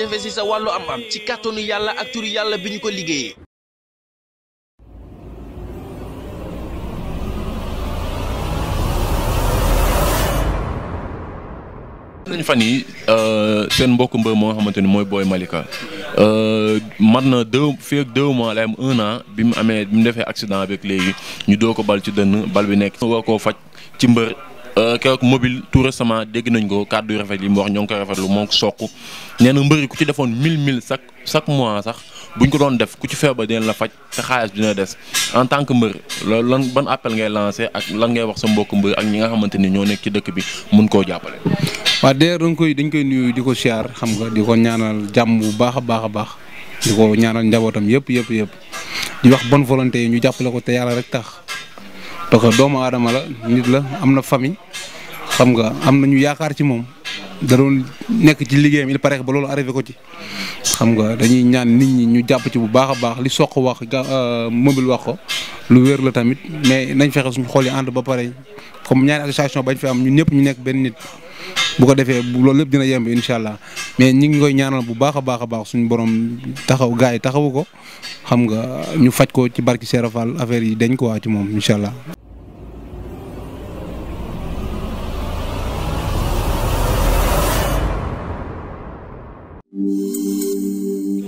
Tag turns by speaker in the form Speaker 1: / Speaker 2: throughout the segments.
Speaker 1: jafe sa wàllu am ci kàttanu yàlla ak turu yàlla bi ñu ko liggéeyee.
Speaker 2: fan yi euh, seen mbokk mbër moo xamante ni mooy Boy Malika euh, mat na deux fi ak deux mois lay am un an bi mu amee bi mu defee accident avec léegi ñu doo ko bal ci dënn bal bi nekk war koo faj ci mbër Euh, keroog mobile tout récemment dégg nañ ko kàddu yu rafet yi mu wax ñoo ngi koy rafetlu moom soq nee na mbëri ku ci defoon 1000 1000 chaque mois sax buñ ko doon def ku ci feebar dina la faj te xaalis dina des en tant que mbër lan ban appel ngay lancé ak lan ngay wax sa mbokk mbër ak ñi nga xamante ni ñoo nekk ci dëkk bi mun koo jàppale.
Speaker 3: waaw d'ailleurs dañ koy dañ koy nuyu di ko siyaar xam nga di ko ñaanal jàmm bu baax a baax a baax di ko ñaanal njabootam yëpp yëpp yëpp di wax parce que doomu aadama la nit la am na famille xam nga am na ñu yaakaar ci moom da doon nekk ci liggéeyam il paraît ba loolu arrivé ko ci. xam nga dañuy ñaan nit ñi ñu jàpp ci bu baax a baax li soq wax euh, mobile wax ko lu wér la tamit mais nañ fexe suñu xool yi ba pare comme ñaari association bañ fi am ñun ñëpp ñu nekk benn nit. bu ko defee loolu lépp dina yemb incha allah mais ñi ngi koy ñaanal bu baax a baax a baax suñu borom taxaw gars yi taxawu ko xam nga ñu faj ko ci barki Serap Fall affaire yi dañ ko waa ci moom incha allah.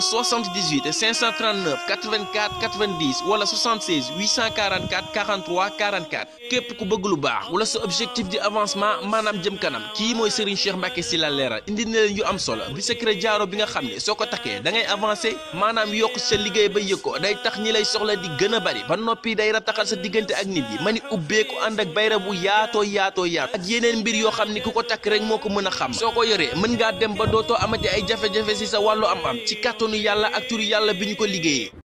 Speaker 1: au 78 539 84 90 wala 76 844 43 44 képp ku bëgg lu baax wala sa objectif di avancement maanaam jëm kanam kii mooy Serigne Cheikh Mbacke si la leeral indi na leen yu am solo bi secret jaaro bi nga xam ne soo ko takkee da ngay avancé maanaam yokk sa liggéey ba yëg ko day tax ñi lay soxla di gën a bari ba noppi day rataxal sa diggante ak nit yi ma ni ubbeeku ànd ak bayra bu yaatoo yaatoo yaatoo ak yeneen mbir yoo xam ne ku ko takk rek moo ko mën a xam soo ko yoree mën ngaa dem ba dootoo ay jafe si sa wàllu am-am ci kàttanu yàlla ak yàlla bi ñu ko liggéeyee